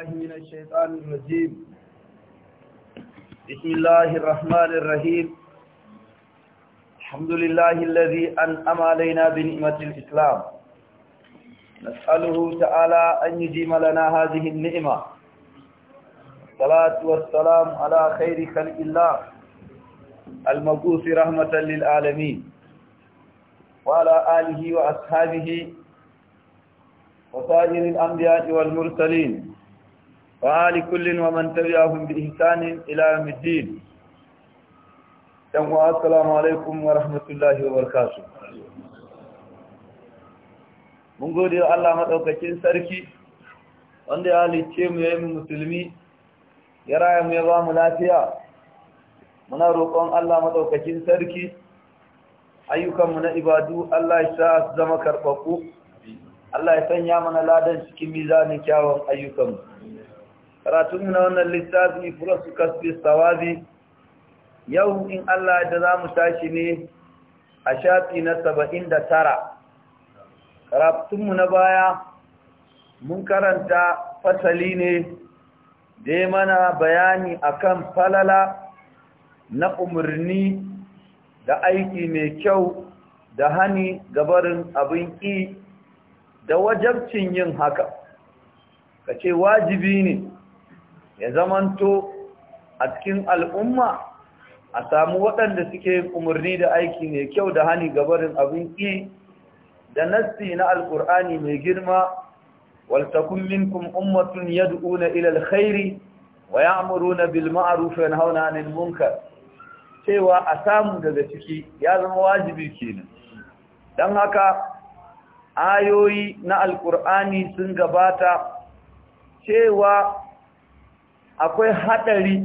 الله من الشيطان الرجيم بسم الله الرحمن الرحيم الحمد لله الذي أنعم علينا بنعمة الإسلام نسأله تعالى أن يجيم لنا هذه النعمة الصلاة والسلام على خير خلق الله المبعوث رحمة للعالمين وعلى آله وأصحابه وسائر الأنبياء والمرسلين وآل كل ومن تبعهم بإحسان إلى يوم الدين السلام عليكم mun gode wa Allah maɗaukakin sarki wanda ya halicce mu yayin musulmi ya raya mu ya ba mu lafiya muna roƙon Allah maɗaukakin sarki ayyukanmu na ibadu Allah ya zama karɓaɓɓu Allah ya sanya mana ladan cikin mizanin kyawun ayyukanmu karatunmu na wannan littafi furasu kasfi sawabi yau in Allah da za mu tashi ne a shafi na saba'in da tara karatunmu na baya mun karanta fasali ne da mana bayani akan falala na umarni da aiki mai kyau da hani gabarin abin ƙi da wajabcin yin haka ka ce wajibi ne ya zamanto a cikin al'umma a samu waɗanda suke umarni da aiki mai kyau da hani gabarin abin ƙi da nassi na alƙur'ani mai girma waltakun minkum ummatun yad'una ila alkhairi wa ya'muruna bil ma'ruf wa yanhauna 'anil munkar cewa a samu daga ciki ya zama wajibi kenan dan haka ayoyi na alƙur'ani sun gabata cewa akwai haɗari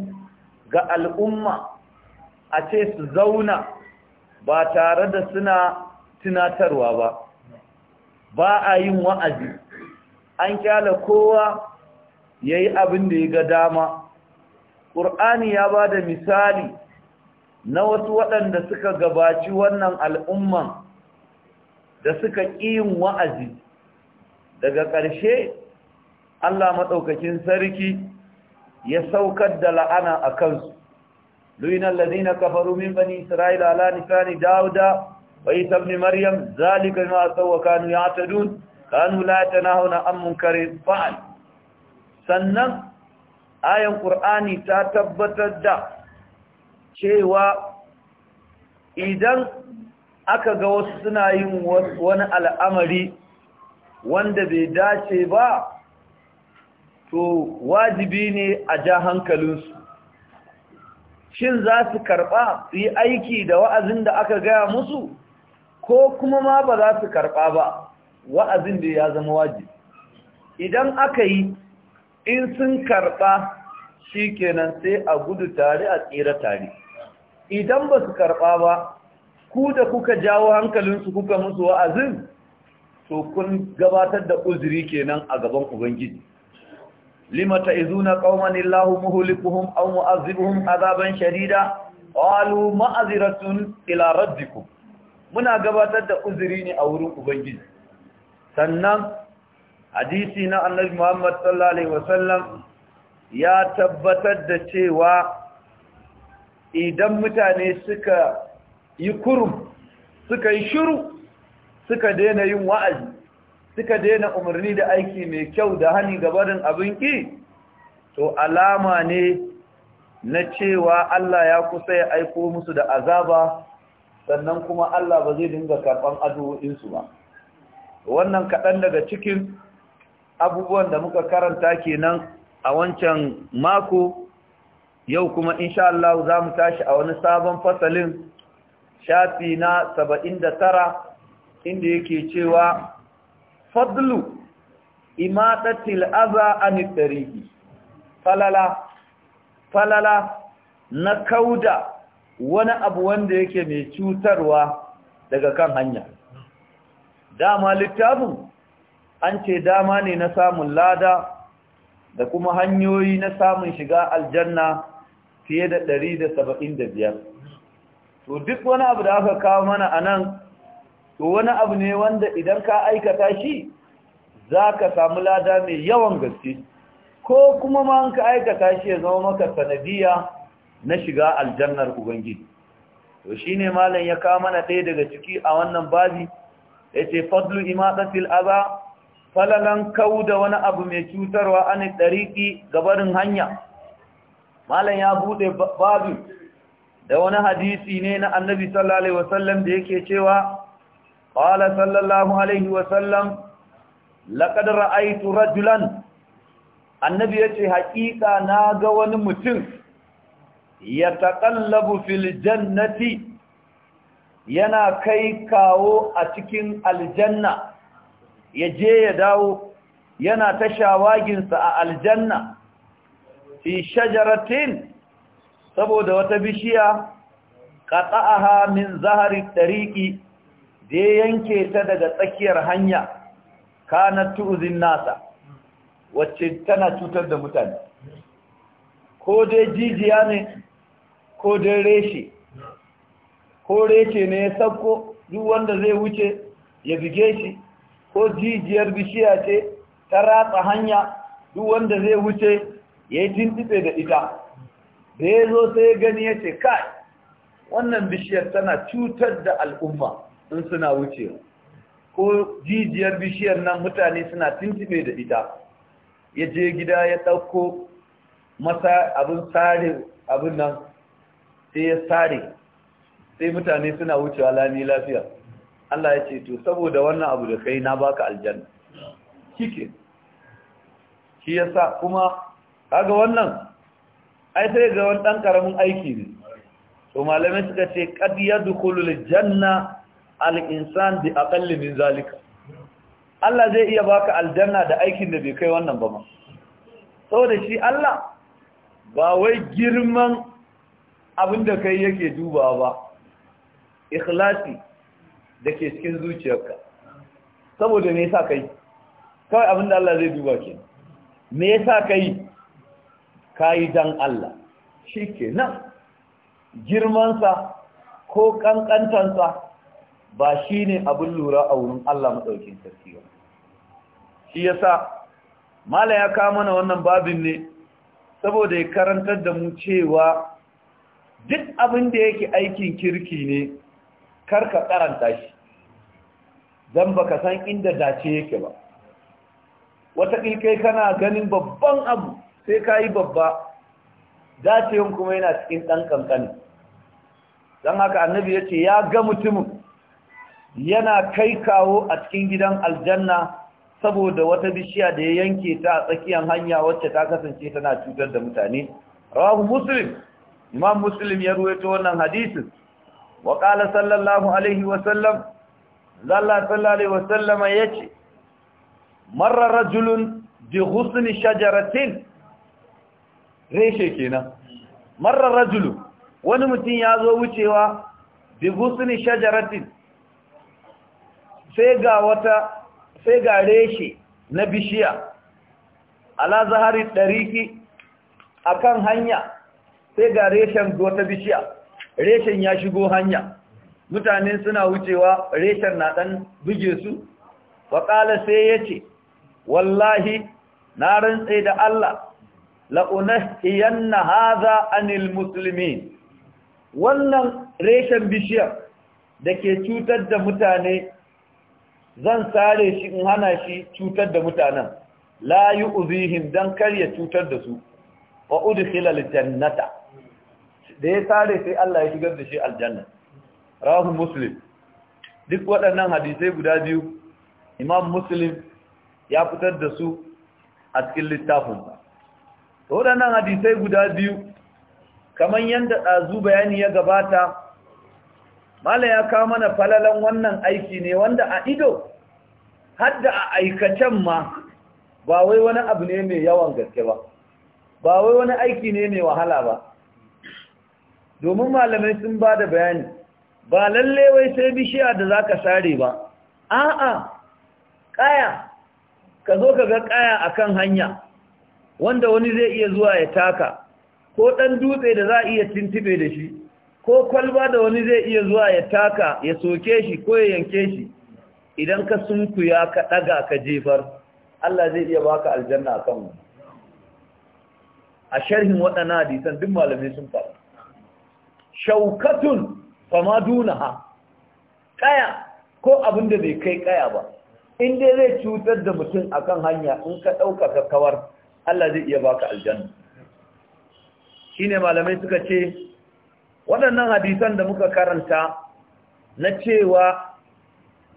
ga al'umma a ce su zauna ba tare da suna tunatarwa ba ba a yin wa'azi an kyala kowa ya yi abin da ya ga dama ƙur'ani ya ba da misali na wasu waɗanda suka gabaci wannan al'umman da suka ƙi yin wa'azi daga ƙarshe Allah maɗaukakin sarki ya saukar da la'ana a kansu luinan lalina kafaru min bani isra'ila ala nisani dauda bai isa maryam zalika ma sawa kanu ya ya'tadun kanu la tanahuna an kare fa'al sannan ayan Kur'ani ta tabbatar da cewa idan aka ga wasu suna yin wani al'amari wanda bai dace ba to wajibi ne a ja hankalinsu shin za su karɓa su yi aiki da wa'azin da aka gaya musu ko kuma ma ba za su karɓa ba wa'azin da ya zama wajibi idan aka yi in sun karɓa shi kenan sai a gudu tare a tsira tare idan ba su karɓa ba ku da kuka jawo hankalinsu kuka musu wa'azin to kun gabatar da uzuri kenan a gaban ubangiji Limata izuna قوما الله مهلكهم أو مؤذبهم عذابا شديدا قالوا معذرة إلى muna gabatar da uzuri ne a wurin ubangiji sannan hadisi na annabi Muhammad sallallahu alaihi wasallam ya tabbatar da cewa idan mutane suka yi kurum suka yi shiru suka daina yin wa'azi suka daina umarni da aiki mai kyau da hani gabarin abin ki to alama ne na cewa Allah ya kusa ya aiko musu da azaba sannan kuma Allah ba zai dinga karɓan addu'o'insu ba wannan kaɗan daga cikin abubuwan da muka karanta kenan a wancan mako yau kuma insha Allah za mu tashi a wani sabon fasalin shafi na 79 inda yake cewa fadlu imatatil aza an tarihi falala falala na kauda wani abu wanda yake mai cutarwa daga kan hanya dama littafin an ce dama ne na samun lada da kuma hanyoyi na samun shiga aljanna fiye da ɗari da da biyar. to duk wani abu da aka kawo mana anan to wani abu ne wanda idan ka aikata shi za ka samu lada mai yawan gaske ko kuma ma ka aikata shi ya zama maka sanadiyya na shiga aljannar ubangiji to shine malam ya kawo mana ɗaya daga ciki a wannan babi yace fadlu imatatil aza falalan kauda wani abu mai cutarwa an dariki gabarin hanya malam ya bude babu da wani hadisi ne na annabi sallallahu alaihi wasallam da yake cewa قال صلى الله عليه وسلم لقد رايت رجلا النبي يتي حقيقه ناغا وني متين يتقلب في الجنه ينا كاي كاو ا cikin aljanna Ya je ya dawo yana ta shawaginsa a aljanna fi shajaratin saboda wata bishiya qata'aha min zahari tariqi da yanke ta daga tsakiyar hanya kana tu'zin nasa wacce tana cutar da mutane ko dai jijiya ne ko dai reshe ko reshe ne ya sauko duk wanda zai wuce ya bige shi ko jijiyar bishiya ce ta ratsa hanya duk wanda zai wuce ya yi tintibe da ita da ya zo sai gani ya ce kai wannan bishiyar tana cutar da al'umma in suna wuce. ko jijiyar bishiyar nan mutane suna tuntube da ita ya je gida ya ɗauko masa abin sare abin nan sai ya sare sai mutane suna wucewa lami lafiya Allah ya ce to saboda wannan abu da kai na baka aljanna kike shi yasa kuma kaga wannan ai sai ga wani ɗan karamin aiki ne to malamai suka ce qad yadkhulul janna al-insan bi aqalli min zalika Allah zai iya baka aljanna da aikin da bai kai wannan ba ma saboda shi Allah ba wai girman abin da kai yake dubawa ba ikhlasi da ke cikin zuciyarka saboda me yasa kai kawai abin da Allah zai duba ke me yasa kai kai dan Allah shikenan girmansa ko ƙanƙantansa. ba shi ne abin lura a wurin Allah maɗaukin sarki ba shi ya sa mala ya kama na wannan babin ne saboda ya karantar da mu cewa duk abin da yake aikin kirki ne karka karanta shi don ka san inda dace yake ba wata kai kana ganin babban abu sai ka yi babba yin kuma yana cikin ɗan ƙanƙani don haka annabi ya ce ya ga mutumin yana kai kawo a cikin gidan aljanna saboda wata bishiya da ya yanke ta a tsakiyar hanya wacce ta kasance tana cutar da mutane rahu muslim imam muslim ya ruwaito wannan hadisin wa qala sallallahu alaihi wa sallam zalla sallallahu alaihi wa sallam yace marra rajulun bi husni shajaratin reshe kenan marra rajulu wani mutum ya zo wucewa bi husni shajaratin sai ga wata sai ga reshe na bishiya ala zahari dariki akan hanya sai ga reshen wata bishiya reshen ya shigo hanya mutane suna wucewa reshen na dan buge su waƙala sai yace wallahi na rantse da Allah la'unahiyanna hadha anil musulmi wannan reshen bishiya da ke cutar da mutane zan sare shi in hana shi cutar da mutanen la yi uzihin kar ya cutar da su wa udkhila jannata da ya sare sai Allah ya shigar da shi aljanna Rahu muslim duk waɗannan hadisai guda biyu imam muslim ya fitar da su a cikin littafinsa waɗannan hadisai guda biyu kamar yadda ɗazu bayani ya gabata mala ya kawo mana falalan wannan aiki ne wanda a ido hadda a aikacen ma ba wai wani abu ne mai yawan gaske ba ba wai wani aiki ne mai wahala ba domin malamai sun ba da bayani ba lalle wai sai bishiya da za ka sare ba a'a kaya ka zo ka ga kaya kan hanya wanda wani zai iya zuwa ya taka ko ɗan dutse da za a iya tintube da shi ko kwalba da wani zai iya zuwa ya taka ya soke shi ko ya yanke shi idan ka ya ka ɗaga ka jefar Allah zai iya baka aljanna a kanmu a sharhin waɗannan hadisan duk malamai sun fara shaukatun fama dunaha kaya ko abin da bai kai kaya ba in dai zai cutar da mutum akan hanya in ka ɗauka ka kawar Allah zai iya baka aljanna Shi ne malamai suka ce waɗannan hadisan da muka karanta na cewa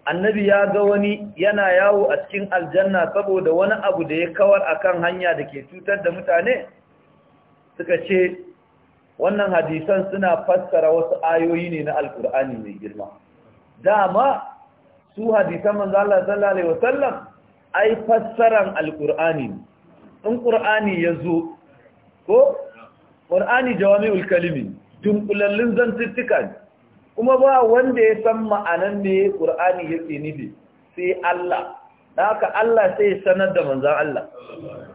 annabi ya ga wani yana yawo a cikin aljanna saboda wani abu da ya kawar a kan hanya da ke cutar da mutane suka ce wannan hadisan suna fassara wasu ayoyi ne na alkur'ani mai girma dama su hadisan manzo Allah sallallahu alaihi wasallam ai fassaran alkur'ani in qur'ani yazo ko qur'ani jawami'ul kalimi tunkulallin zantuttuka ne kuma ba wanda ya san ma'anan ne ƙur'ani yake nufi sai Allah da haka Allah sai ya sanar da manzan Allah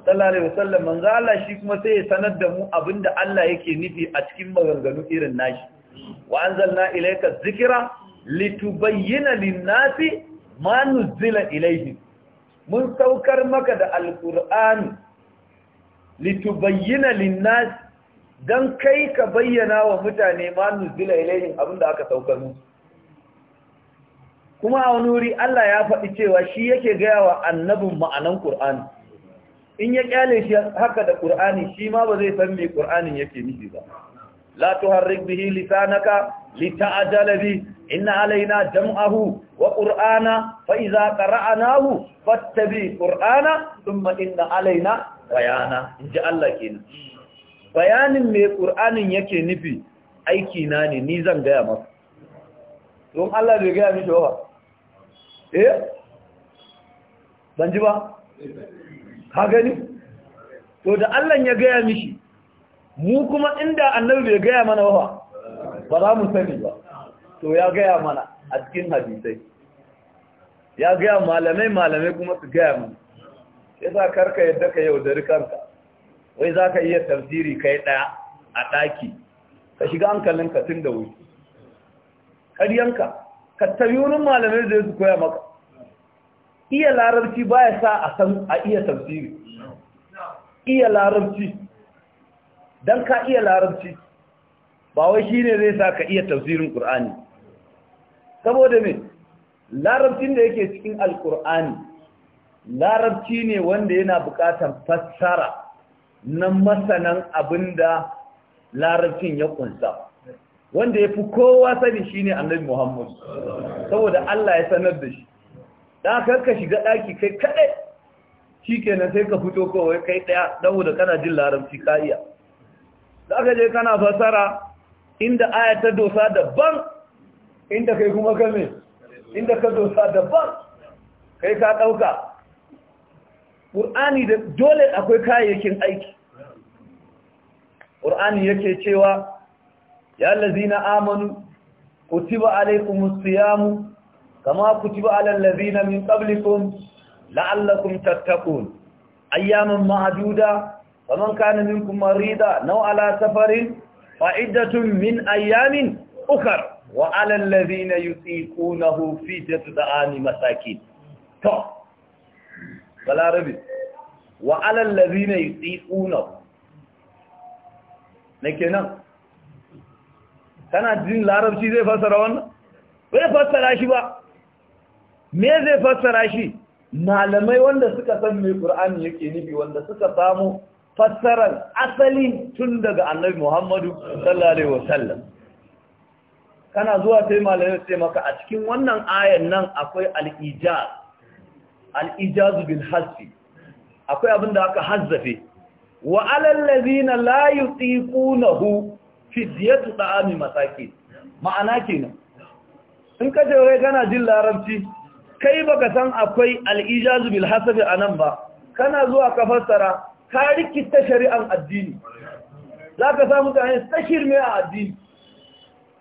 sallallahu alaihi wasallam manzan Allah shi kuma sai ya sanar da mu abinda Allah yake nufi a cikin maganganu irin nashi wa anzalna ilayka dhikra litubayyana lin-nasi ma nuzila ilayhim mun saukar maka da alqur'ani litubayyana lin-nasi don kai ka bayyana wa mutane ma nuzila ilayhim abinda aka saukar musu kuma a wani wuri Allah ya faɗi cewa shi yake gaya wa annabin ma'anan ƙur'ani in ya ƙyale shi haka da Kur'ani shi ma ba zai san me Kur'anin yake nufi ba la tuharrik bihi lisanaka lita'jala bi inna alaina jam'ahu wa qur'ana fa idza qara'nahu fattabi qur'ana thumma inna alaina bayana inji Allah kenan bayanin mai ƙur'anin yake nufi aiki na ne ni zan gaya masu don Allah bai gaya mishi wa eh ban ji ba ka gani to da Allah ya gaya mishi mu kuma inda annabi bai gaya mana wa ba za mu sani ba to ya gaya mana a cikin hadisai ya gaya malamai malamai kuma su gaya mana ya sa karka yadda ka yaudari kanka wai za ka iya tafsiri kai ɗaya a ɗaki ka shiga ka tun da wuri ƙaryanka ka tabi wani malamai da su koya maka iya larabci baya sa a san a iya tafsiri iya larabci don ka iya larabci ba wai shi ne zai sa ka iya tafsirin ƙur'ani saboda me larabcin da yake cikin alƙur'ani larabci ne wanda yana buƙatar fassara na masanan abin da larabcin ya kunsa wanda ya fi kowa sani shine annabi Muhammadu. saboda Allah ya sanar da shi ɗakar ka shiga ɗaki kai kaɗai. kadai nan sai ka fito kawai kai ɗaya. ɗau da kana jin larabci ka iya Za ka je kana fasara inda aya dosa daban inda kai kuma kame inda ka dosa daban kai ka ɗauka. Kur'ani da dole akwai kayayyakin aiki ƙur'ani yake cewa ya lazina amanu kutiba alaikumus siyamu kama kutiba alal lazina min ayyaman ma'duda faman kana minkum marida naw ala safarin min ayyamin ukhra wa alal lazina yutiqunahu da'ani to balarabi wa na kenan kana jin larabci zai fassara wannan bai fassara shi ba me zai fassara shi malamai wanda suka san mai ƙur'ani yake nufi wanda suka samu fassarar asali tun daga annabi Muhammadu sallallahu alaihi wasallam kana zuwa sai malamai sai maka a cikin wannan ayan nan akwai al-ijaz al-ijaz bil hasfi akwai abin da aka hazzafe wa alal ladina la yutiqunahu diyati ta'ami masakin ma'ana kenan in ka je wai kana jin larabci kai baka san akwai al ijaz bil hasabi anan ba kana zuwa ka fassara ka rikita shari'an addini zaka samu mutane tashir mai addini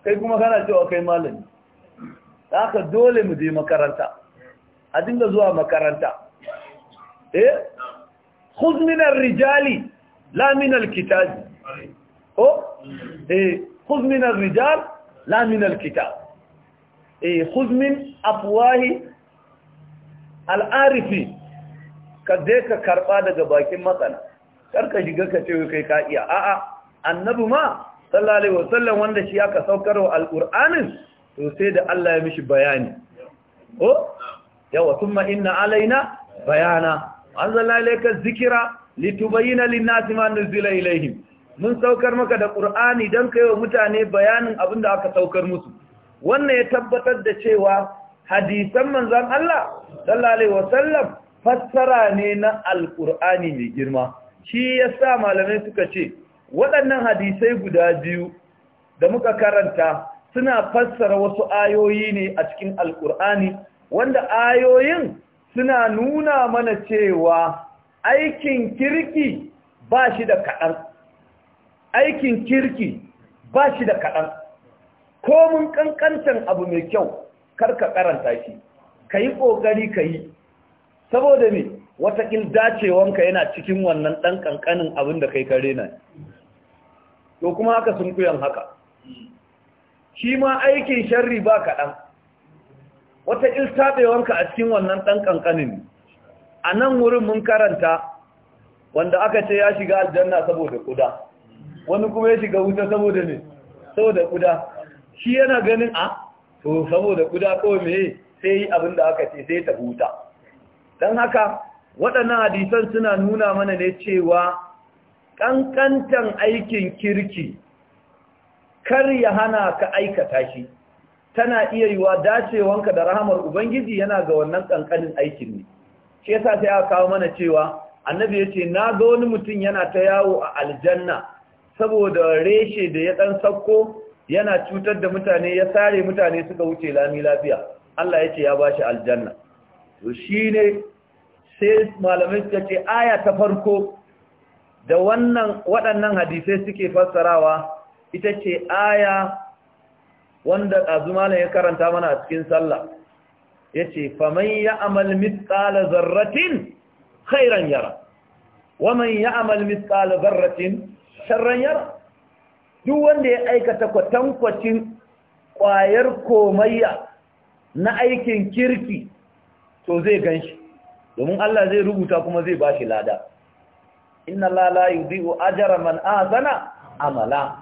kai kuma kana cewa kai malami ka dole mu je makaranta a dinga zuwa makaranta eh khuz min ar-rijali la min alkitab eh khudh min arrijal la min eh khudh min afwahi al'arifi ka karɓa ka karba daga bakin matsala karka shiga ka ce kai ka iya a'a annabi ma sallallahu alaihi wasallam wanda shi aka saukar wa alqur'anin to sai da Allah ya mishi bayani ko yawa thumma inna alaina bayana anzalna zikira. litubayyana lin-nasi ma nuzila ilaihim mun saukar maka da qur'ani dan kai wa mutane bayanin abin da aka saukar musu wannan ya tabbatar da cewa hadisan manzon Allah sallallahu alaihi wasallam fassara ne na alqur'ani mai girma shi yasa malamai suka ce waɗannan hadisai guda biyu da muka karanta suna fassara wasu ayoyi ne a cikin alkur'ani wanda ayoyin suna nuna mana cewa aikin kirki ba shi da kaɗan aikin kirki ba shi da kaɗan komin ƙanƙantan abu mai kyau karka ƙaranta shi ka yi ƙoƙari ka yi saboda me watakil dacewanka yana cikin wannan ɗan ƙanƙanin abin da kai kare na to kuma haka sun kuyan haka shi ma aikin sharri ba kaɗan watakil taɓewanka a cikin wannan ɗan ƙanƙanin a nan wurin mun karanta wanda aka ce ya shiga aljanna saboda kuda wani kuma ya shiga wuta saboda ne saboda kuda shi yana ganin a ah, to saboda kuda kawai me sai yi abin da aka ce sai ta huta don haka waɗannan hadisan suna nuna mana ne cewa ƙanƙantan aikin kirki kar ya hana ka aikata shi tana iya yiwa dacewanka da rahamar ubangiji yana ga wannan ƙanƙanin aikin ne shi yasa sai aka kawo mana cewa annabi ya ce na ga wani mutum yana ta yawo a aljanna saboda reshe da ya dan sakko yana cutar da mutane ya sare mutane suka wuce lami lafiya Allah ya ce ya bashi aljanna to shi sai malamai suka ce aya ta farko da wannan waɗannan hadisai suke fassarawa ita ce aya wanda ɗazu ya karanta mana a cikin sallah ya ce faman ya amal mitsala zarratin khairan yara waman ya amal mitsala zarratin sharran yara duk wanda ya aikata kwatankwacin ƙwayar komayya na aikin kirki to zai gan shi domin Allah zai rubuta kuma zai ba shi lada inna la la yudhi'u ajra man ahsana amala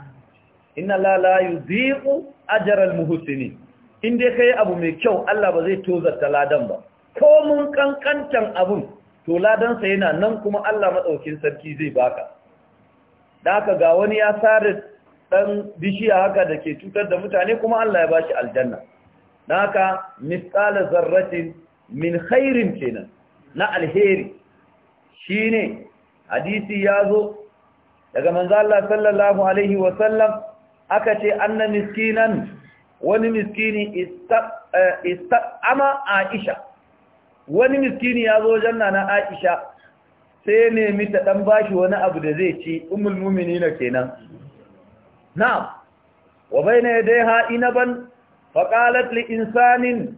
inna la la yudhi'u ajra al-muhsinin in dai yi abu mai kyau Allah ba zai tozarta ladan ba ko mun kankantan abun to ladansa yana nan kuma Allah matsaukin sarki zai baka da haka ga wani ya sare dan bishiya haka da ke cutar da mutane kuma Allah ya bashi aljanna da haka misqala zarratin min khairin kenan na alheri Shi ne, hadisi ya zo. daga manzo Allah sallallahu alaihi wasallam aka ce annan miskinan wani miskini ista'ama eh, aisha wani miskini ya zo janna na aisha sai nemi ta ɗan bashi wani abu da zai ci ummul mumini na kenan na'am wa bayna yadayha inaban qalat li insanin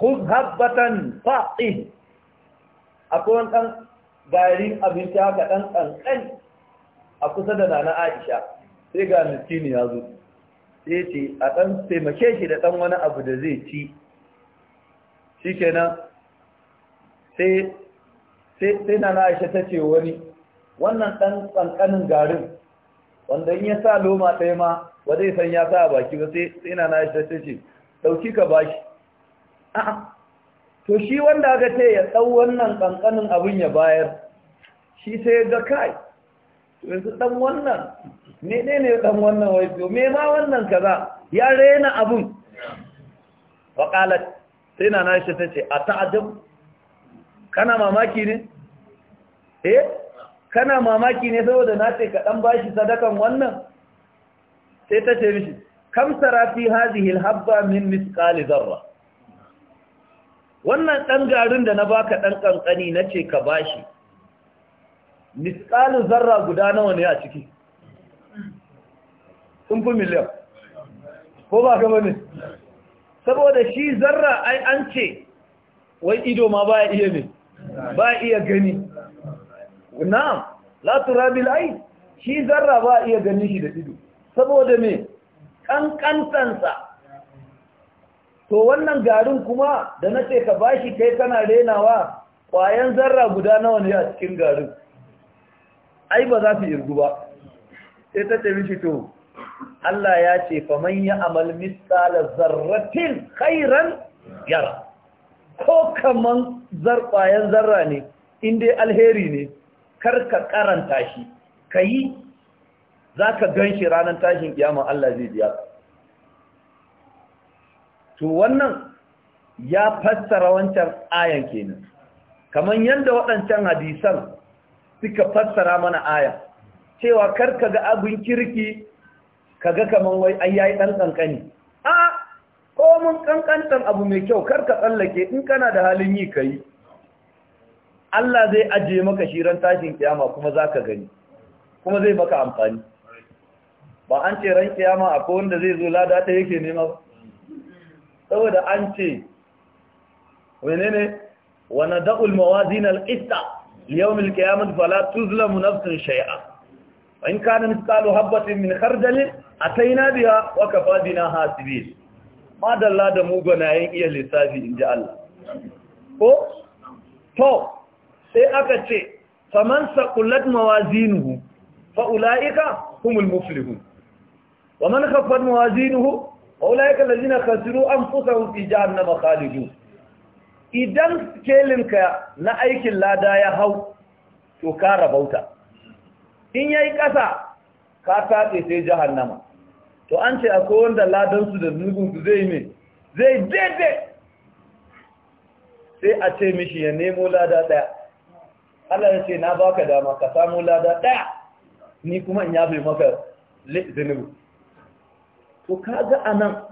khudh habatan faqih akwai dan garin abinci haka dan kankan a kusa da nana Aisha sai ga miskini ya zo sai ce a ɗan taimake shi da ɗan wani abu da zai ci shi nan. sai na na'ashe ta ce wani wannan ɗan ƙanƙanin garin wanda in ya sa loma ɗaya ma ba zai san ya sa a baki ba sai na na'ashe ta ce ɗauki ka ba shi to shi wanda aka ce ya ɗau wannan ƙanƙanin abin ya bayar shi sai ga kai to yanzu ɗan wannan ne ne dan wannan wai to me ma wannan kaza ya rena abun wa qalat sai na nashi tace ata'jab kana mamaki ne eh kana mamaki ne saboda na ce ka dan bashi sadakan wannan sai tace mishi kam sara fi hadhihi alhabba min misqali dharra wannan dan garin da na baka dan kankani nace ka bashi misqalu zarra guda nawa ne a ciki sun fi miliyan ko ba ka bane saboda shi zarra ai an ce wai ido ma ba iya ne ba iya gani na'am la turabil ai shi zarra ba iya gani shi da ido saboda me kankantansa to wannan garin kuma da na ce ka bashi kai kana renawa ƙwayan zarra guda nawa ne a cikin garin ai ba za su irgu ba sai ta ce mishi to Allah ya ce fa man ya amal misala zarratin khairan yara ko kaman zarfayen zarra ne in dai alheri ne kar ka karanta shi ka zaka za ka gan ranar tashin kiyama Allah zai biya to wannan ya fassara wancan ayan kenan kaman yadda waɗancan hadisan suka fassara mana aya cewa karka ga abin kirki Ka ga kaman wai ai yayi dan kankani a ko mun kankantan abu mai kyau kar ka tsallake in kana da halin yi kai Allah zai aje maka shiran tashin kiyama kuma zaka gani kuma zai maka amfani ba an ce ran kiyama akwai wanda zai zo lada ta yake nema ba saboda an ce menene wa nad'u al-mawazin al-qista li yawm al-qiyamah fala tuzlamu nafsun shay'a in kana mithqalu habatin min khardalin ataina biya wa kafadina hasibin madalla da mugonayen iya lissafi in ji Allah ko to sai aka ce faman saqulat mawazinuhu fa ulaika humul muflihun wa man khaffat mawazinuhu fa ulaika allazina khasiru anfusahum fi jahannam khalidun idan kelinka na aikin lada ya hau to ka bauta. in yayi ƙasa, ka tabe sai jahannama to an ce akwai wanda ladansu da zunubinsu zai ne zai daidai sai a ce mishi ya nemo lada ɗaya Allah ya ce na baka dama ka samu lada ɗaya ni kuma in yabe maka zunubi to kaga a nan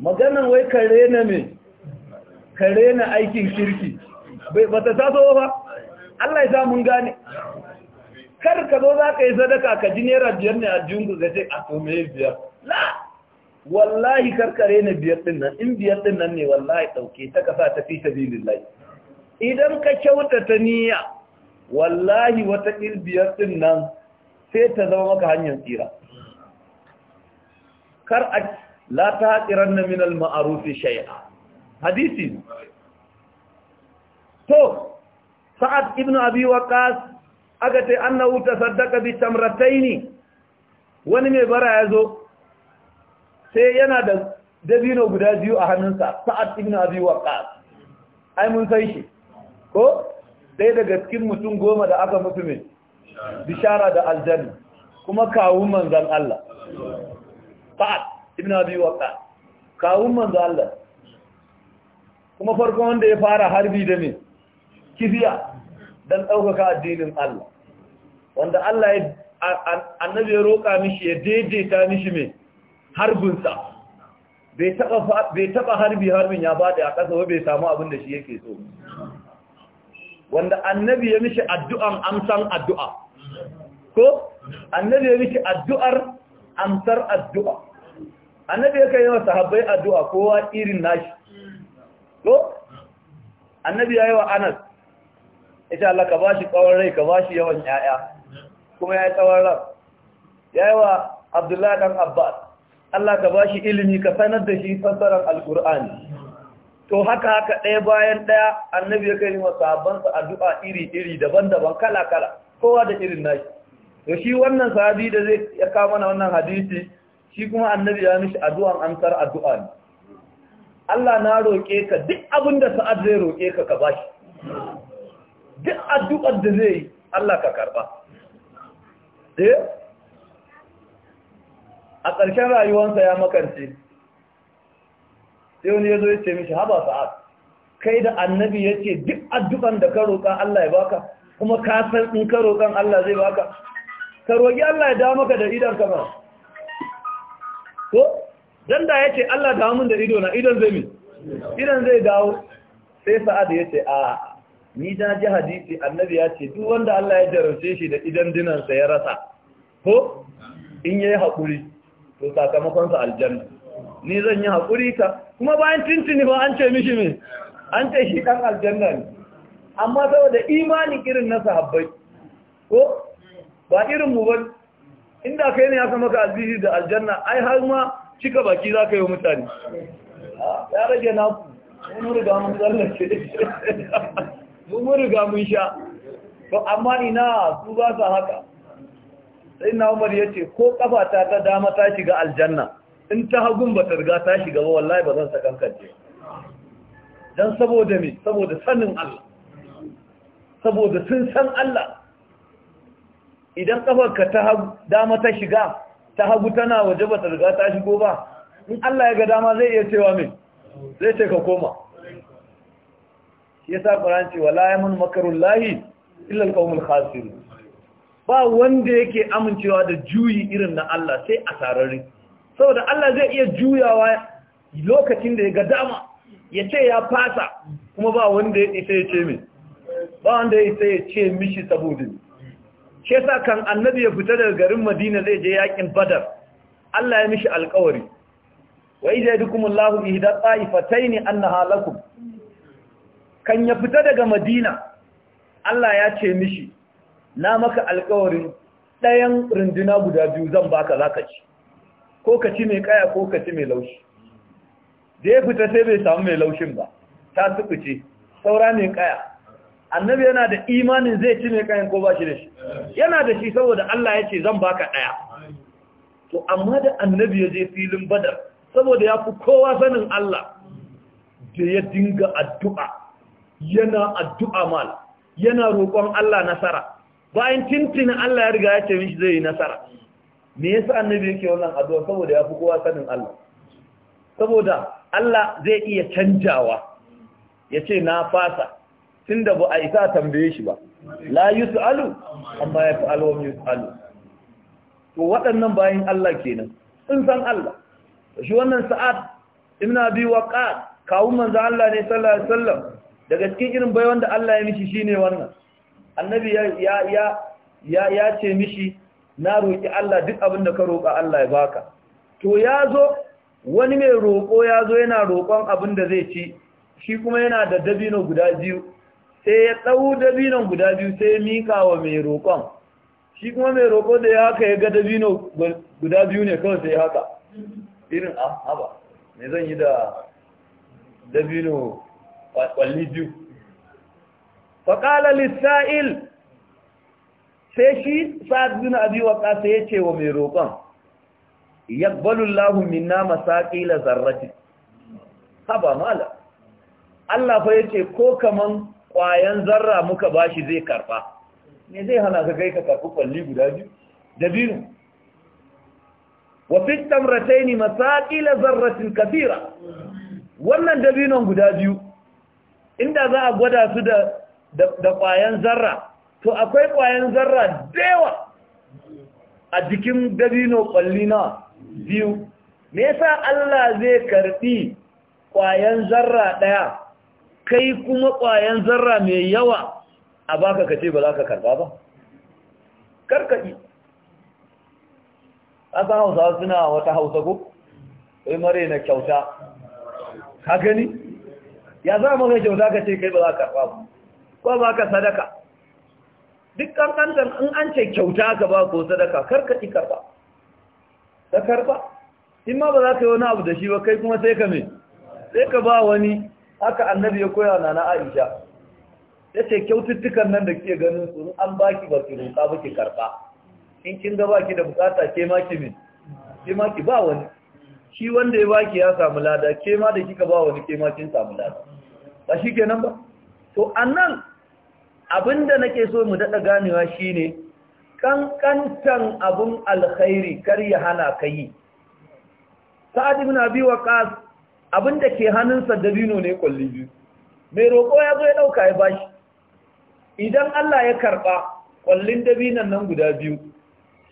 maganan wai kare na me kare na aikin kirki bai bata taso ba Allah ya sa gane kar ka zo za ka yi sadaka ka ji naira biyar ne a jungu ka ce a tome biyar la wallahi karkare na biyar din nan in biyar din nan ne wallahi dauke ta kasa ta fi lai idan ka kyauta ta niyya wallahi wata biyar din nan sai ta zama maka hanyar tsira kar a la ta tsiran na minal ma'arufi shay'a hadisi to sa'ad ibn abi waqas aka ce wuta saddaka bi ne. wani mai bara ya zo sai yana da dabino guda biyu a hannunsa sa'ad ibn abi waqqas ai mun sai shi ko sai daga cikin mutum goma da aka mutu mai bishara da aljanna kuma kawun manzan Allah sa'ad ibn abi waqqas kawun manzan Allah kuma farkon wanda ya fara harbi da me kifiya don ɗaukaka addinin Allah wanda Allah ya annabi ya roƙa mishi ya daidaita mishi mai harbinsa bai taɓa harbi harbin ya bada a ƙasa bai samu abin da shi yake so wanda annabi ya mishi addu'an amsan addu'a ko annabi ya mishi addu'ar amsar addu'a annabi ya kai yawa sahabbai addu'a kowa irin nashi ko annabi ya yi wa anas ita Allah ka shi tsawon rai ka ba shi yawan yaya kuma ya yi tsawon ran ya yi wa abdullahi ɗan abbas Allah ka ba shi ilimi ka sanar da shi fassarar alkur'ani to haka haka ɗaya bayan ɗaya annabi ya kai wa sabansa addu'a iri iri daban-daban kala kala kowa da irin nashi to shi wannan sahabi da zai ya kawo mana wannan hadisi shi kuma annabi ya mishi addu'an amsar addu'a ne Allah na roƙe ka duk abinda sa'ad zai roƙe ka ka ba shi. duk addu'ar da zai yi Allah ka karba eh a ƙarshen rayuwarsa ya makance sai wani ya zo ya ce mishi haba sa'ad kai da annabi ya ce duk addu'an da ka roƙa Allah ya baka kuma ka san in ka roƙan Allah zai baka ka roƙi Allah ya dawo maka da idon kama ko dan da ya ce Allah dawo min da ido na idon zai mi? idon zai dawo sai sa'ad ya ce a ni da ji hadisi annabi ya ce duk wanda Allah ya jarumce shi da idan dinansa ya rasa ko in yayi hakuri to sakamakon sa aljanna ni zan yi hakuri ka kuma bayan tintini ba an ce mishi me an ce shi dan aljanna ne amma saboda imani irin na sahabbai ko ba irin mu ba inda kai ne ya san maka aljihi da aljanna ai har ma cika baki za ka yi wa mutane ya rage na mun riga mun ke. mu mun riga mun sha to amma ina su ba su haka sai na umar ya ce ko kafata ta dama ta shiga aljanna in ta hagun ba ta riga ta shiga ba wallahi ba zan sakankance don saboda me saboda sanin Allah saboda sun san Allah idan kafarka ta dama ta shiga ta hagu tana waje ba ta riga ta shigo ba in Allah ya ga dama zai iya cewa me zai ce ka koma shi yasa Qur'an ce wala yamun makarullahi illa alqawmul khasirun ba wanda yake amincewa da juyi irin na Allah sai a saboda Allah zai iya juyawa lokacin da ya ga dama ya ce ya fasa kuma ba wanda ya isa ya ce min ba wanda ya isa ya ce mishi saboda shi yasa kan annabi ya fita daga garin Madina zai je yakin Badar Allah ya mishi alƙawari wa idza dukumullahu ihda ta'ifatayn annaha lakum kan ya fita daga madina Allah ya ce mishi na maka alkawarin ɗayan runduna guda biyu zan baka za ko ka ci mai kaya ko ka ci mai laushi da ya fita sai bai samu mai laushin ba ta ce saura mai kaya annabi yana da imanin zai ci mai kayan ko ba shi da shi yana da shi saboda Allah ya ce zan baka ɗaya to amma da annabi ya je filin badar saboda ya fi kowa sanin Allah da ya dinga addu'a yana addu'a mal yana roƙon Allah nasara bayan tintin Allah ya riga ya ce mishi zai yi nasara me yasa annabi yake wannan addu'a saboda ya fi kowa sanin Allah saboda Allah zai iya canjawa ya ce na fasa tunda ba a isa tambaye shi ba la yus'alu amma ya yaf'alu wa yus'alu to waɗannan bayan Allah kenan sun san Allah shi wannan sa'ad ibn abi waqas kawun manzo Allah ne sallallahu alaihi wasallam daga cikin irin bai wanda Allah ya mishi shine wannan annabi ya ya ya ya ce mishi na roki Allah duk abin da ka roka Allah ya baka to yazo wani mai roko yazo yana roƙon abin da zai ci shi kuma yana da dabino guda biyu sai ya dau dabinon guda biyu sai ya mika wa mai roƙon shi kuma mai roƙo da ya haka ya ga dabino guda biyu ne kawai sai haka irin a ah, haba me zan yi da dabino kwalli biyu faƙala lissa'il sai shi sa'ad bin abi waƙa sai ya ce wa mai roƙon yaqbalullahu minna masaqila zarrati haba mala Allah fa ce ko kaman ƙwayan zarra muka bashi zai karɓa. me zai hana ka kai ka karɓi kwalli guda biyu dabiru wa fi tamratayn la zarratin kafira. wannan dabinon guda biyu inda za a gwada su da ƙwayan zarra to akwai ƙwayan zarra dewa a jikin dabino na biyu me yasa Allah zai karɓi ƙwayan zarra ɗaya kai kuma ƙwayan zarra mai yawa a baka kace ba za ka karɓa ba karkaɗi ƙasa hausa suna wata hausa ko? ƙwai mare na kyauta ka gani? ya za mu mai kyauta ka ce kai ba za ka karɓa ba ko ba ka sadaka duk kankantan in an ce kyauta ka ba ko sadaka kar ka ki karɓa ka karɓa in ma ba za ka yi wani abu da shi ba kai kuma sai ka me sai ka ba wani haka annabi ya koya na na Aisha ya ce kyaututtukan nan da ke ganin su an baki ba ki roƙa ba ki karɓa in kin ga baki da bukata ke ma ki me ke ma ki ba wani shi wanda ya baki ya samu lada ke ma da kika ba wani ke ma kin samu lada ba shi kenan ba to annan abinda nake so mu daɗa ganewa shine ƙanƙantan abun alkhairi kar ya hana ka yi sa'ad ibn abi waqas abinda ke hannunsa dabino ne kulli biyu mai roƙo ya zo ya ɗauka ya bashi idan Allah ya karɓa ƙwallin dabinan nan guda biyu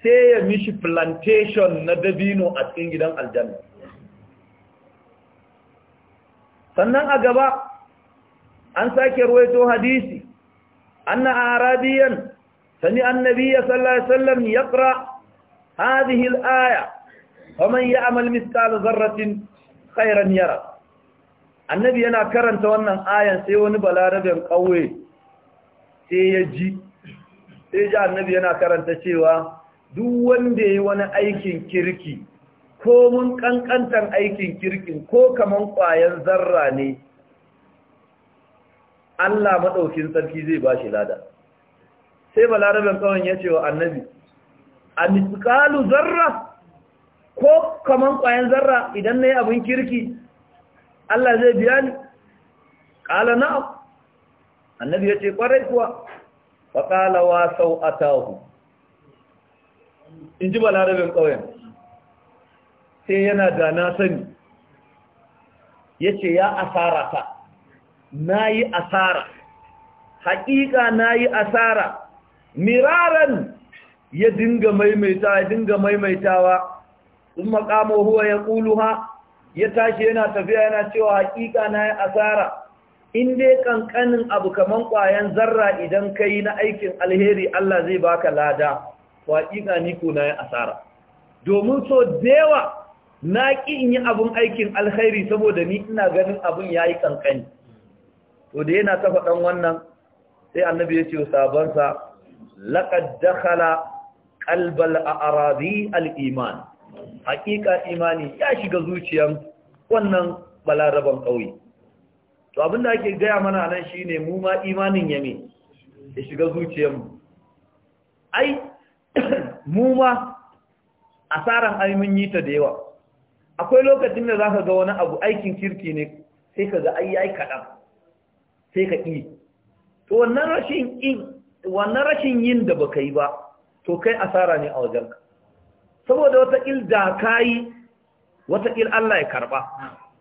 sai ya mishi plantation na dabino a cikin gidan aljanna sannan a gaba an sake ruwaito hadisi anna arabiyan sani annabi sallallahu alaihi wasallam yaqra hadhihi alaya faman ya'mal mithqala dharratin khairan yara annabi yana karanta wannan ayan sai wani balarabin kauye sai ya ji sai ji annabi yana karanta cewa duk wanda yayi wani aikin kirki ko mun kankantan aikin kirkin ko kaman kwayan zarra ne Allah maɗaukin sarki zai ba shi lada sai balarabin kawon ya ce wa annabi a misƙalu zarra ko kaman ƙwayan zarra idan na yi abin kirki Allah zai biya ni ƙala na’a. annabi ya ce ƙwarai kuwa wa ƙala wa sau a tahu in ji balarabin ƙauyen sai yana da na sani ya ce ya asara ta na yi asara haƙiƙa na yi asara miraran ya dinga maimaitawa ya dinga maimaitawa sun makamo huwa ya ya tashi yana tafiya yana cewa haƙiƙa na yi asara in dai ƙanƙanin abu kamar ƙwayan zarra idan ka yi na aikin alheri Allah zai baka lada haƙiƙa ni ko na yi asara domin so dewa na ƙi in yi abun aikin alheri saboda ni ina ganin abun ya yi ƙanƙani to da yana ta faɗan wannan sai annabi ya ce sabonsa laƙad dakhala qalbal a'radi al-iman haƙiƙa imani ya shiga zuciyan wannan balaraban ƙauye to abin da ake gaya mana nan shi ne, mu ma imanin ne? ya shiga zuciyarmu ai mu ma asaran ai mun yi ta da yawa akwai lokacin da za ka ga wani abu aikin kirki ne sai ka ga ai kaɗan sai ka ƙi to wannan rashin in, wannan rashin yin da baka yi ba to kai asara ne a wajenka saboda wataƙil da ka yi wataƙil Allah ya karɓa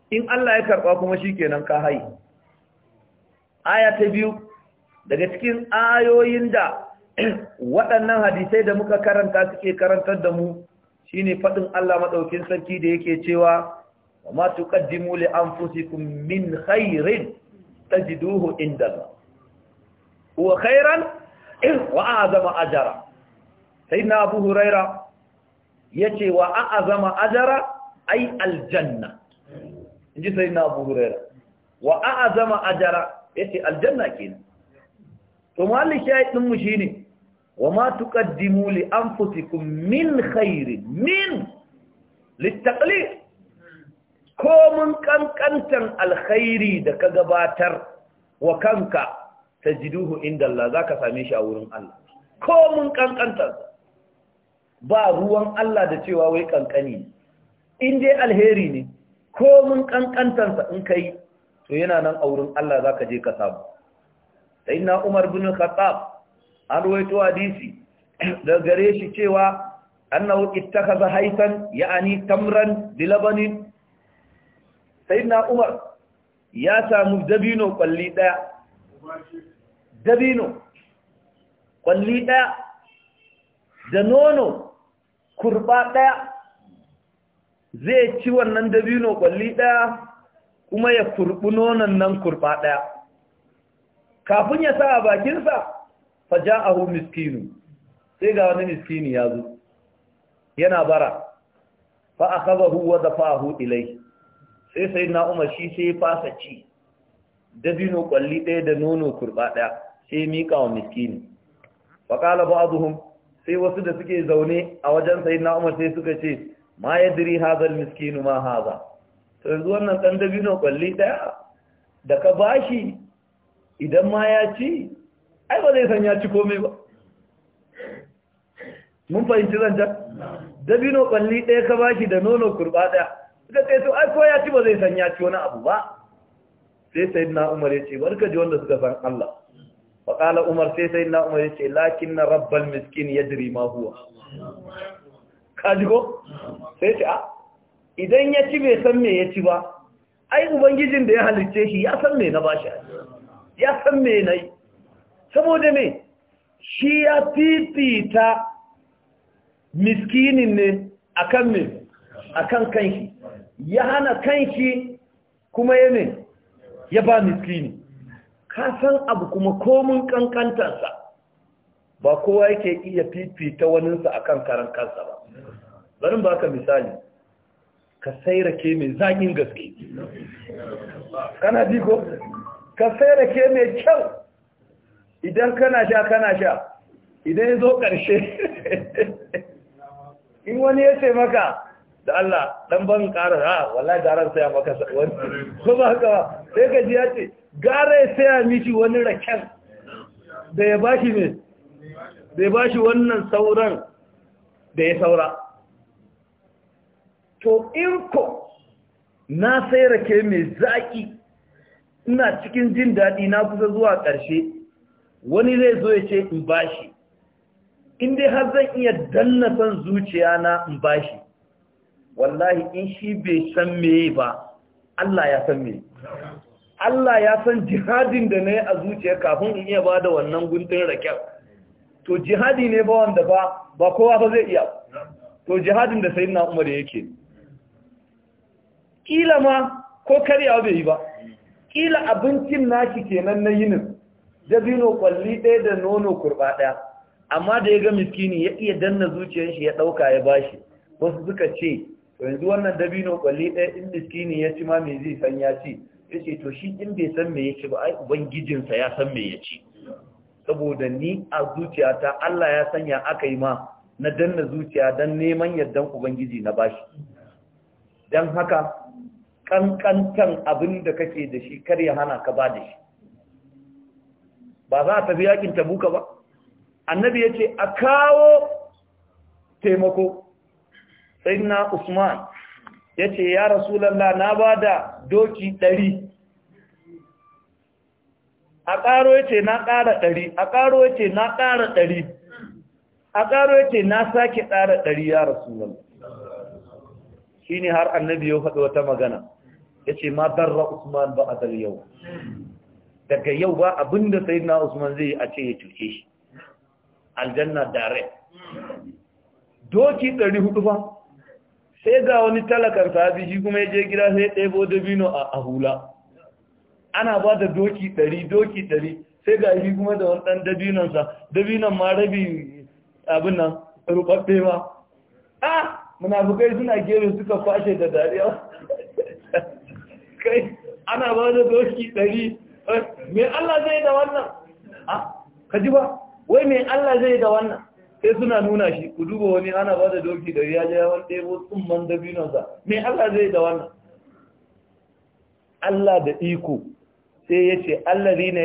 in Allah ya karɓa kuma shi kenan ka hayi aya ta biyu daga cikin ayoyin da waɗannan hadisai da muka karanta suke karantar da mu shine faɗin Allah maɗaukin sarki da yake cewa wa ma tuqaddimu li anfusikum min khairin تجدوه عند الله هو خيرا واعظم اجرا سيدنا ابو هريره يتي واعظم اجرا اي الجنه نجي سيدنا ابو هريره واعظم اجرا يتي الجنه كين ثم شيء ثم المشيني وما تقدموا لانفسكم من خير من للتقليد Ko mun kankantan alkhairi da ka gabatar wa kanka ta jiduhu inda Allah ka same shi a wurin Allah komun kankantan ba ruwan Allah da cewa wai kankani in dai alheri ne komun kankantan sa in kai to yana nan a wurin Allah za ka je ka samu na Umar bin Khattab an rawaito hadisi da gare shi cewa annahu ittakhadha haytan ya'ani tamran bilabanin na umar ya samu dabino kwalli daya dabino kwalli daya da nono kurba daya zai ci wannan dabino kwalli daya kuma ya kurbi nonon nan kurba daya kafin ya sa a bakinsa fa ahu miskinu sai ga wani miskini ya zo yana bara fa akabahu wa dafa'ahu ilayhi sai sai na umar shi sai fasa ci dabino kwalli ɗaya da nono kurɓa ɗaya sai miƙa wa miskini faƙala ba azuhun sai wasu da suke zaune a wajen sai na umar sai suka ce ma ya diri hazar miskinu ma haza to yanzu wannan ɗan dabino kwalli ɗaya da ka bashi idan ma ya ci ai ba zai san ya ci komai ba mun fahimci zancen dabino kwalli ɗaya ka bashi da nono kurɓa ɗaya suka ce to ai ko ya ci ba zai san ya ci wani abu ba sai na Umar ya ce barka ji wanda suka san Allah fa kala Umar sai na Umar ya ce lakinna rabbal miskin yadri ma huwa ka ji ko sai ce a ah, idan ya ci bai san me ya ci ba ai ubangijin da ya halicce shi ya san me na bashi ya san me yi. saboda me shi ya fifita miskinin ne akan me akan kanshi ya hana kanshi kuma ya ne ya ba miskini ka san abu kuma komun kankantarsa ba kowa yake iya fifita waninsa a kan karan kansa ba zanen ba ka misali ka saira ke mai zagin gaske kana jiko ka saira ke mai kyau idan kana sha kana sha idan ya zo ƙarshe in wani ya ce maka da Allah dan ban karar ha wallahi da sai maka wani ko ba haka ba sai ka ya ce gara ya saya miki wani raken da ya bashi ne da ya bashi wannan sauran da ya saura to in ko na sai rake mai zaki ina cikin jin daɗi na kusa zuwa ƙarshe wani zai zo ya ce in bashi in dai har zan iya danna son zuciya na in bashi wallahi in shi bai san meye ba Allah ya san meye Allah ya san jihadin da na yi a zuciya kafin in iya ba da wannan guntun raken to jihadi ne ba wanda ba ba kowa ba zai iya to jihadin da sayi na umar yake ƙila ma ko karyawa bai yi ba ƙila abincin naki kenan na yinin dabino kwalli ɗaya da nono kurɓa ɗaya amma da ya ga miskini ya iya danna zuciyar shi ya ɗauka ya bashi wasu suka ce yanzu wannan dabino kwalli ɗaya in miskini ya ci ma me zai san ya ci ya ce to shi in bai san me ya ci ba ai ubangijinsa ya san me ya ci saboda ni a zuciyata Allah ya sanya aka yi ma na danna zuciya don neman yardan ubangiji na bashi don haka kankantan abin da kake da shi kar ya hana ka ba da shi ba za a tafi yakin tabuka ba annabi ya ce a kawo taimako sayyidina usman yace ya rasulullah na bada doki 100 a ƙaro yace na kara 100 a ƙaro yace na kara 100 a ƙaro yace na sake ƙara 100 ya rasulullah shine har annabi ya faɗi wata magana yace ma darra usman ba adal yau daga yau ba abinda sayyidina usman zai a ce ya cuce shi aljanna dare doki hudu ba sai ga wani talakan sahabi shi kuma ya je gida sai ɗebo dabino a hula ana ba da doki ɗari doki ɗari sai ga shi kuma da wani ɗan dabinonsa dabinon ma rabi abin nan ruɓaɓɓe ma a munafukai suna gero suka kwashe da dariya kai ana ba da doki ɗari me Allah zai da wannan a kaji ba wai me Allah zai da wannan sai suna nuna shi ku duba wani ana ba da doki da ya ja yawan ɗebo tsumman dabinonsa me Allah zai da wannan Allah da iko sai ya ce allazina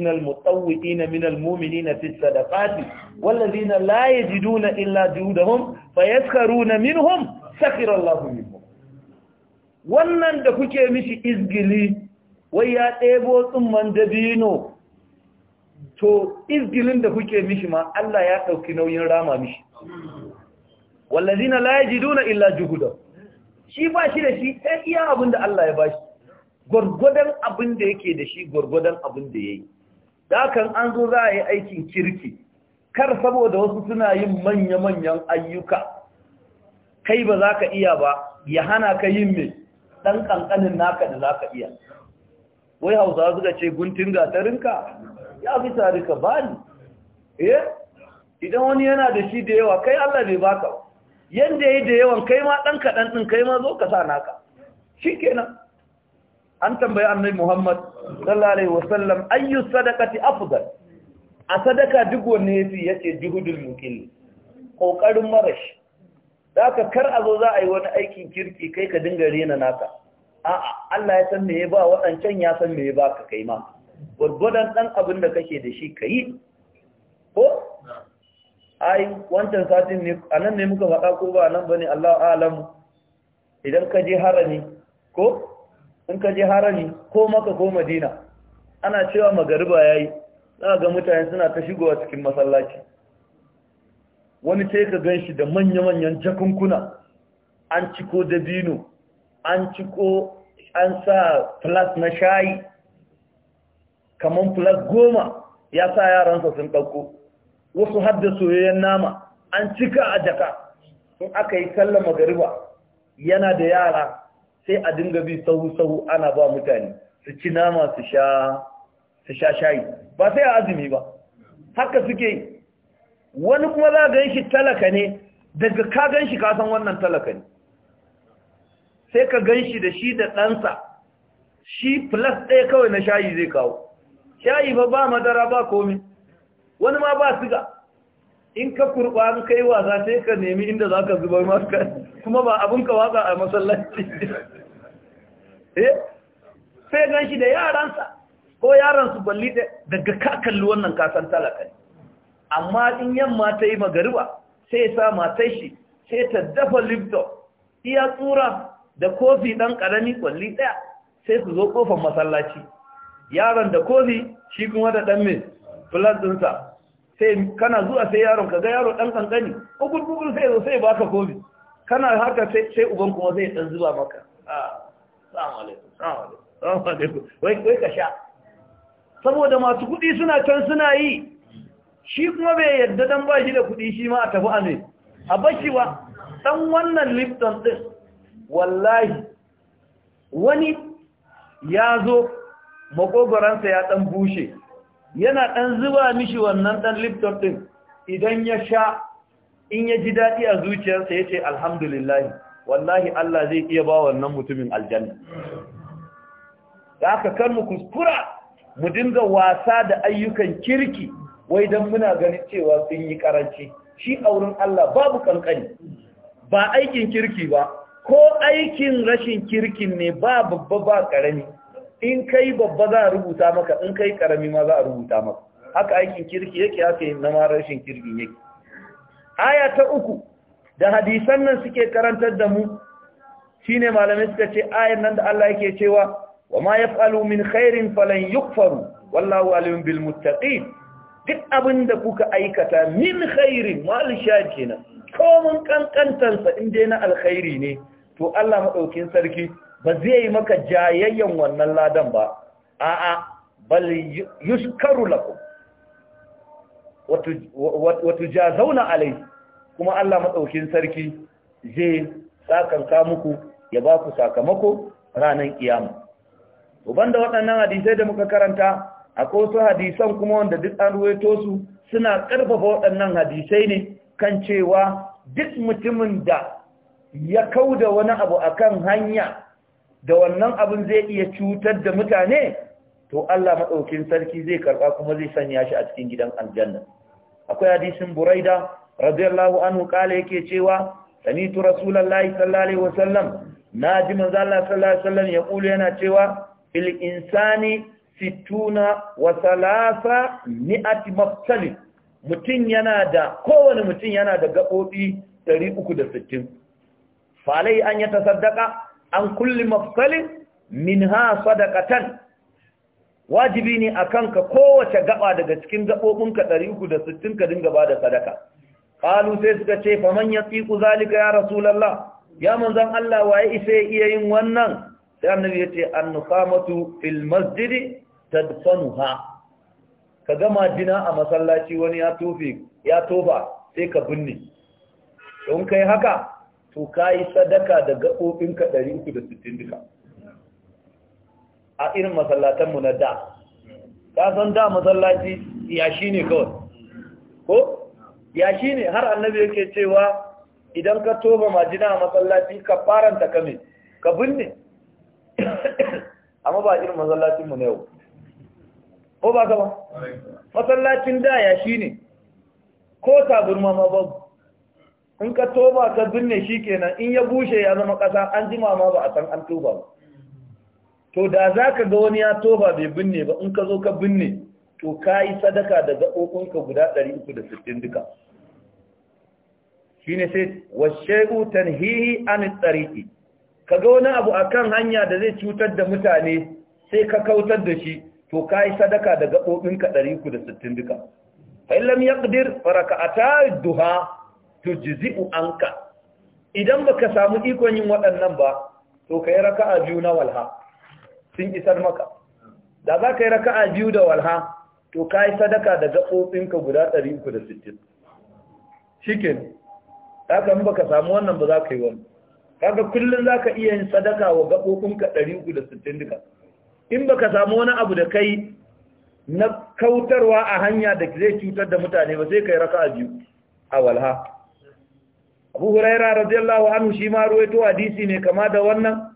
na almutawwiqina da fati, fi sadaqati laye ji yajiduna illa da juhudahum fayaskharuna minhum sakhira Allahu minhum wannan da kuke mishi izgili wai ya ɗebo tsumman dabino to izgilin da kuke mishi ma Allah ya ɗauki nauyin rama mishi wallazina la yajiduna illa juhuda shi ba shi da shi sai iya abin da Allah ya bashi gurgudan abin da yake da shi gurgudan abin da yayi dakan an zo za a yi aikin kirki kar saboda wasu suna yin manya-manyan ayyuka kai ba za ka iya ba ya hana ka yin mai ɗan ƙanƙanin naka da za ka iya wai hausa suka ce guntun gatarinka ya fi tare ka bani eh idan wani yana da shi da yawa kai Allah bai baka ba yanda yayi da yawan kai ma dan kaɗan din kai ma zo ka sa naka shikenan an tambayi annabi Muhammad sallallahu alaihi wasallam ayyu sadaqati afdal a sadaka duk wanne yafi yace juhudul muqil kokarin marash zaka kar a zo za a yi wani aikin kirki kai ka dinga rena naka a'a Allah ya san me ya ba wadancan ya san me ya baka kai ma gwargwadon ɗan abin da kake da shi ka ko? ai wancan satin ne a nan ne muka faɗa ko ba nan ba ne Allah alamu idan ka je harami ko? in ka je harami ko maka ko madina ana cewa magariba ya yi za ga mutane suna ta shigowa cikin masallaci wani sai ka gan shi da manya-manyan jakunkuna an ciko dabino an ciko an sa flas na shayi kamar plus goma ya sa yaransa sun ɗauko wasu hadda soyayyen nama an cika a jaka in aka yi sallar magariba yana da yara sai a dinga bi sahu-sahu ana ba mutane su ci nama su sha shayi ba sai a azumi ba haka suke wani kuma za gan shi talaka ne daga ka gan shi kasan wannan talaka ne sai ka gan shi da shi da ɗansa shi plus ɗaya kawai na shayi zai kawo shayi ba ba madara ba komi wani ma ba siga in ka kurba an kai wasa sai ka nemi inda za ka zubar maka kuma ba abin ka waka a masallaci eh sai gan shi da yaransa ko yaransu balli daga ka kalli wannan kasan talaka amma in yamma ta yi magariba sai sa matai shi sai ta dafa lifton iya tsura da kofi ɗan ƙarami kwalli ɗaya sai su zo ƙofar masallaci yaron da kofi shi kuma da ɗan mai plus sai kana zuwa sai yaron ka ga yaro ɗan ƙanƙani ugul-ugul sai zo sai baka kozi kana haka sai uban kuma zai ɗan zuba maka wai ka sha saboda masu kuɗi suna can suna yi shi kuma bai yadda dan ba shi da kuɗi shi ma a tafi a ne a bashi ba ɗan wannan lifton ɗin wallahi wani ya zo makogoransa ya ɗan bushe yana ɗan zuba mishi wannan ɗan lipton ɗin idan ya sha in ya ji daɗi a zuciyarsa ya ce alhamdulillahi wallahi Allah zai iya ba wannan mutumin aljanna da aka kan mu kuskura mu dinga wasa da ayyukan kirki wai don muna gani cewa sun yi karanci shi a wurin Allah babu kankani ba aikin kirki ba ko aikin rashin kirkin ne ba babba ba karami in kai babba za a rubuta maka in kai karami ma za a rubuta maka haka aikin kirki yake haka na rashin kirki yake aya ta uku da hadisan nan suke karantar da mu shine malamai suka ce ayan nan da Allah yake cewa wa ma yaf'alu min khairin falan yukfaru wallahu alim bil muttaqin duk abin da kuka aikata min khairin mal shakina ko mun kankantansa in dai na alkhairi ne to Allah madaukin sarki ba zai yi maka jayayyan wannan ladan ba a'a bal yuskaru lakum wato ja zauna alai kuma Allah maɗaukin sarki zai sakanka muku ya ba ku sakamako ranar kiyama uban da waɗannan hadisai da muka karanta a kosu hadisan kuma wanda duk an ruwaito su suna ƙarfafa waɗannan hadisai ne kan cewa duk mutumin da ya kauda wani abu akan hanya da wannan abin zai iya cutar da mutane to Allah maɗaukin sarki zai karɓa kuma zai sanya shi a cikin gidan aljanna akwai hadisin buraida radiyallahu anhu kale yake cewa tu rasulullahi sallallahu alaihi wasallam naji manzo Allah sallallahu alaihi wasallam ya kula yana cewa fil insani sittuna wa salasa mi'ati mafsali mutum yana da kowane mutun yana da gabobi 360 falai an ya tasaddaka an kulli mafsalin minha sadaqatan wajibi ne akan ka kowace gaba daga cikin gabobin ka 360 ka dinga bada sadaka qalu sai suka ce fa man yatiqu zalika ya rasulullah ya manzon Allah waye isa iya yin wannan sai annabi yace an-nuqamatu fil masjid tadfanuha ka gama jina a masallaci wani ya tofe ya toba sai ka binne don kai haka to ka yi sadaka da gaɓoɓinka 360 duka a irin masallatanmu na da ka san da masallaci yashi ne kawai ko yashi ne har annabi yake cewa idan ka toba majina a masallaci ka faranta kame ka binne amma ba irin masallacinmu na yau ko ba ka ba masallacin da yashi ne ko taburma ma babu in ka toba ka binne shi kenan in ya bushe ya zama ƙasa an ji ma ba a san an toba ba to da za ka ga wani ya toba bai binne ba in ka zo ka binne to ka yi sadaka da gaɓoɓinka guda 360 duka shi ne sai washegu tanhihi an tsariki ka ga wani abu a kan hanya da zai cutar da mutane sai ka kautar da shi to ka yi sadaka da gaɓoɓinka 360 duka fa'ilam ya ƙudir ta duha jizi'u anka idan baka samu ikon yin waɗannan ba to kai raka'a biyu na walha sun isar maka da za ka yi raka'a biyu da walha to ka yi sadaka da gaɓoɓinka guda 360 shikin ka in baka samu wannan ba za ka yi wani kaga kullum za ka iya yin sadaka wa gaɓoɓinka 360 duka in baka samu wani abu da kai na kautarwa a hanya da zai cutar da mutane ba sai ka yi raka'a biyu a walha abu huraira radiyallahu anhu shi ma ruwaito hadisi ne kama da wannan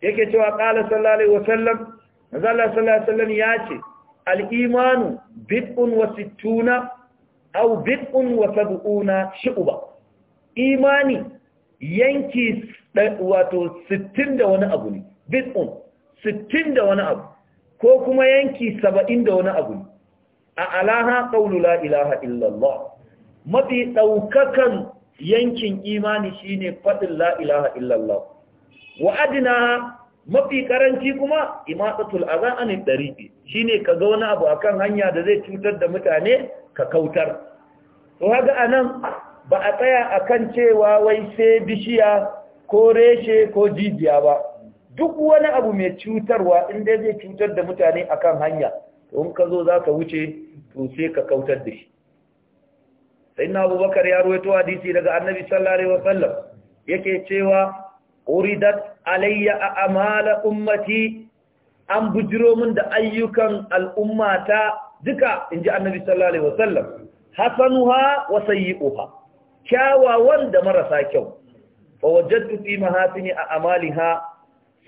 yake cewa qala sallallahu alaihi wasallam manzo Allah sallallahu alaihi wasallam ya ce al-imanu bid'un wa sittuna aw bid'un wa sab'una shu'ba imani yanki wato 60 da wani abu ne bid'un 60 da wani abu ko kuma yanki 70 da wani abu ne a alaha qawlu la ilaha illallah mafi daukakan yankin imani shine faɗin la'ilaha ilaha illallah wa adina mafi karanci kuma imatsatul aza anil dariqi shine ka ga wani abu akan hanya da zai cutar da mutane ka kautar to haga anan ba a tsaya akan cewa wai sai bishiya ko reshe ko jijiya ba duk wani abu mai cutarwa inda zai cutar da mutane akan hanya to in ka zo zaka wuce to sai ka kautar da shi sayyidina abubakar ya ruwaito hadisi daga annabi Sallare alaihi wasallam yake cewa uridat alayya a'mala ummati an bujiro min da ayyukan al'ummata duka inji annabi Sallare alaihi wasallam hasanuha wa sayyi'uha kyawawan da marasa kyau fa wajadtu fi mahasini a'maliha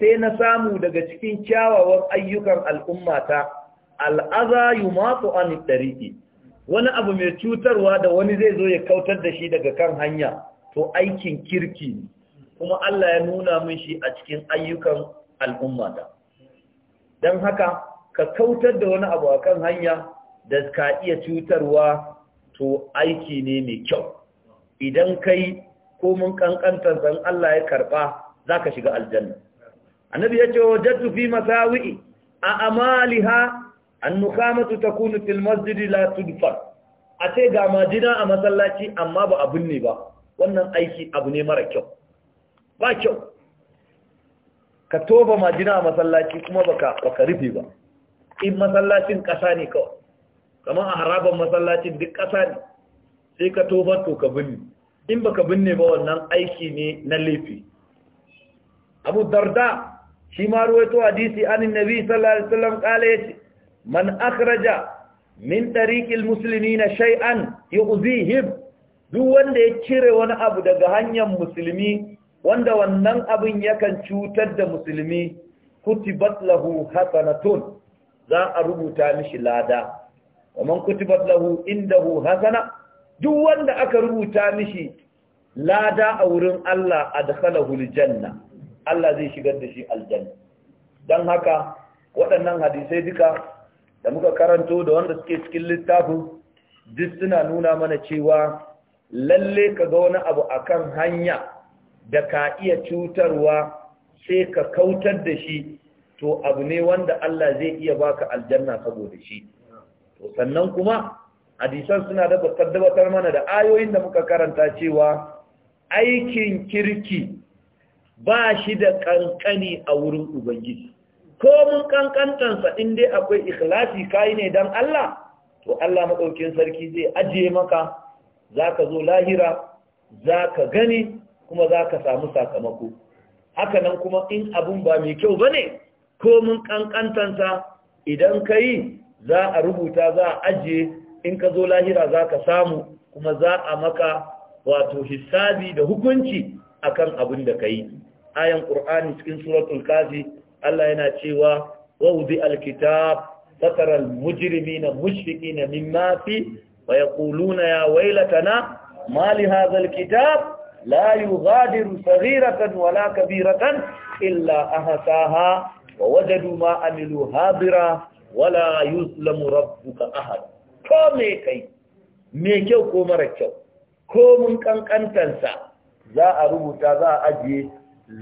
sai na samu daga cikin kyawawan ayyukan al'ummata al'aza yumatu an tariqi wani abu mai cutarwa da wani zai zo ya kautar da shi daga kan hanya to aikin kirki kuma Allah ya nuna min shi a cikin ayyukan al'umma da don haka ka kautar da wani abu a kan hanya da ka iya cutarwa to aiki ne mai kyau idan kai ko mun kankantar san Allah ya karba za ka shiga aljanna annabi ya ce wajadtu fi masawi'i a amaliha annukamatu takunu fil masjidi la tudfar a ce ga majina a masallaci amma ba abun ne ba wannan aiki abu ne mara kyau ba kyau ka toba majina a masallaci kuma baka baka rufe ba in masallacin kasa ne kawai kamar a haraban masallacin duk kasa ne sai ka toba to ka binne in baka binne ba wannan aiki ne na laifi abu darda shi ma ruwaito hadisi an nabi sallallahu alaihi wasallam kale yace man akhraja min tariqil muslimina shay'an yu'zihim duk wanda ya cire wani abu daga hanyar musulmi wanda wannan abin yakan cutar da musulmi kutibat lahu hasanatun za a rubuta mishi lada waman kutibat lahu indahu hasana duk wanda aka rubuta mishi lada a wurin Allah adkhalahu aljanna Allah zai shigar da shi aljanna dan haka waɗannan hadisai duka da muka karanto da wanda suke cikin littafin duk suna nuna mana cewa lalle ka ga wani abu akan hanya da ka iya cutarwa sai ka kautar da shi to abu ne wanda Allah zai iya baka aljanna saboda shi to sannan kuma hadisan suna da tabbatar mana da ayoyin da muka karanta cewa aikin kirki ba shi da kankani a wurin ubangiji ko mun kankantansa in dai akwai ikhlasi kayi ne don Allah to Allah maɗaukin sarki zai ajiye maka za ka zo lahira za ka gani kuma za ka samu sakamako haka nan kuma in abun ba mai kyau ba ne ko mun kankantansa idan ka yi za a rubuta za a ajiye in ka zo lahira za ka samu kuma za a maka wato hisabi da hukunci akan abin da ka yi ayan ƙur'ani cikin suratul kafi Allah yana cewa wa wudi alkitab fatara almujrimina mushfiqina mimma fi wa yaquluna ya waylatana ma li hadha alkitab la yughadiru saghiratan wala kabiratan illa ahsaha wa wajadu ma amilu hadira wala yuzlamu rabbuka ahad ko me kai me kyau ko mara kyau ko mun kankantansa za a rubuta za a ajiye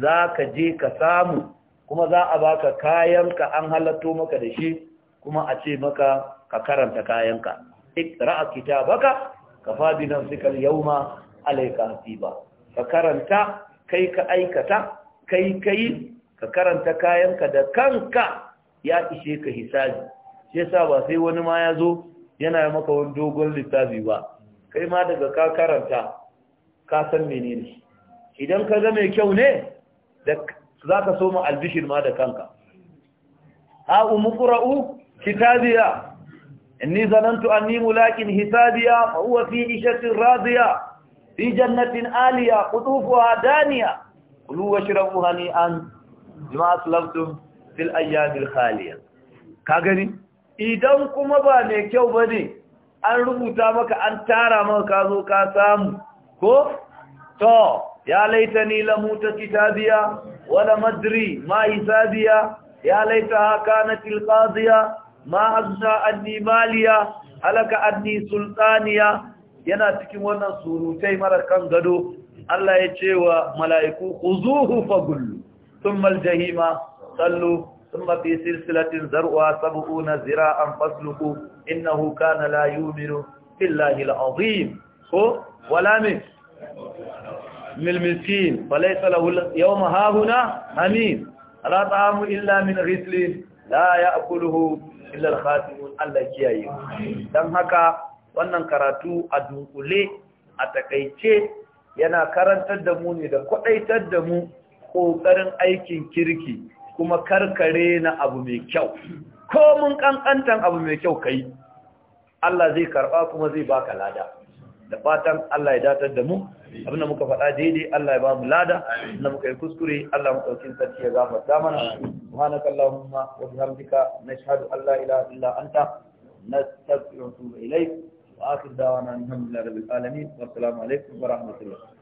za ka je ka samu kuma za a baka kayan ka an halatto maka da shi kuma a ce maka ka karanta kayanka iqra kitabaka kafa bi nafsika al yauma alayka hasiba ka karanta kai ka aikata kai kai ka karanta kayanka da kanka ya ishe ka hisabi shi yasa ba sai wani ma ya zo yana maka wani dogon lissafi ba kai ma daga ka karanta ka san menene idan ka ga mai kyau ne da za ka so mu albishir ma da kanka ha umuqra'u kitabiya inni zanantu anni mulaqin hisabiya fa huwa fi ishatin radiya fi jannatin aliya qutufuha daniya kulu washrabu hani'an bima aslaftum fil ayyamil khaliya ka gani idan kuma ba mai kyau bane an rubuta maka an tara maka ka zo ka samu ko to ya laitani lamuta kitabiya wala madri ma hisabiya ya laita kanat alqadiya ma azza anni maliya halaka anni sultaniya yana cikin wannan surutai mara kan gado Allah ya ce wa mala'iku khuzuhu fagullu thumma aljahima sallu thumma fi silsilatin zar'a 70 zira'an fasluku innahu kana la yu'minu billahi alazim ko wala min milmiskin falaisa lahul yawma hahuna amin ala ta'amu illa min rislin la ya'kuluhu illa al-khatimun Allah kiyaye dan haka wannan karatu a dunkule a takaice yana karantar da mu ne da kwadaitar da mu ƙoƙarin aikin kirki kuma karkare na abu mai kyau ko mun kankantan abu mai kyau kai Allah zai karɓa kuma zai baka lada da fatan Allah ya datar da mu abinda muka faɗa daidai Allah ya ba mu lada da muka yi kuskure Allah mu ɗaukin sarki ya gafarta mana subhanaka allahumma wa bihamdika nashhadu an la ilaha illa anta nastaghfiruka wa natubu ilayk wa akhir da'wana alhamdulillahi rabbil alamin wa assalamu alaikum wa rahmatullah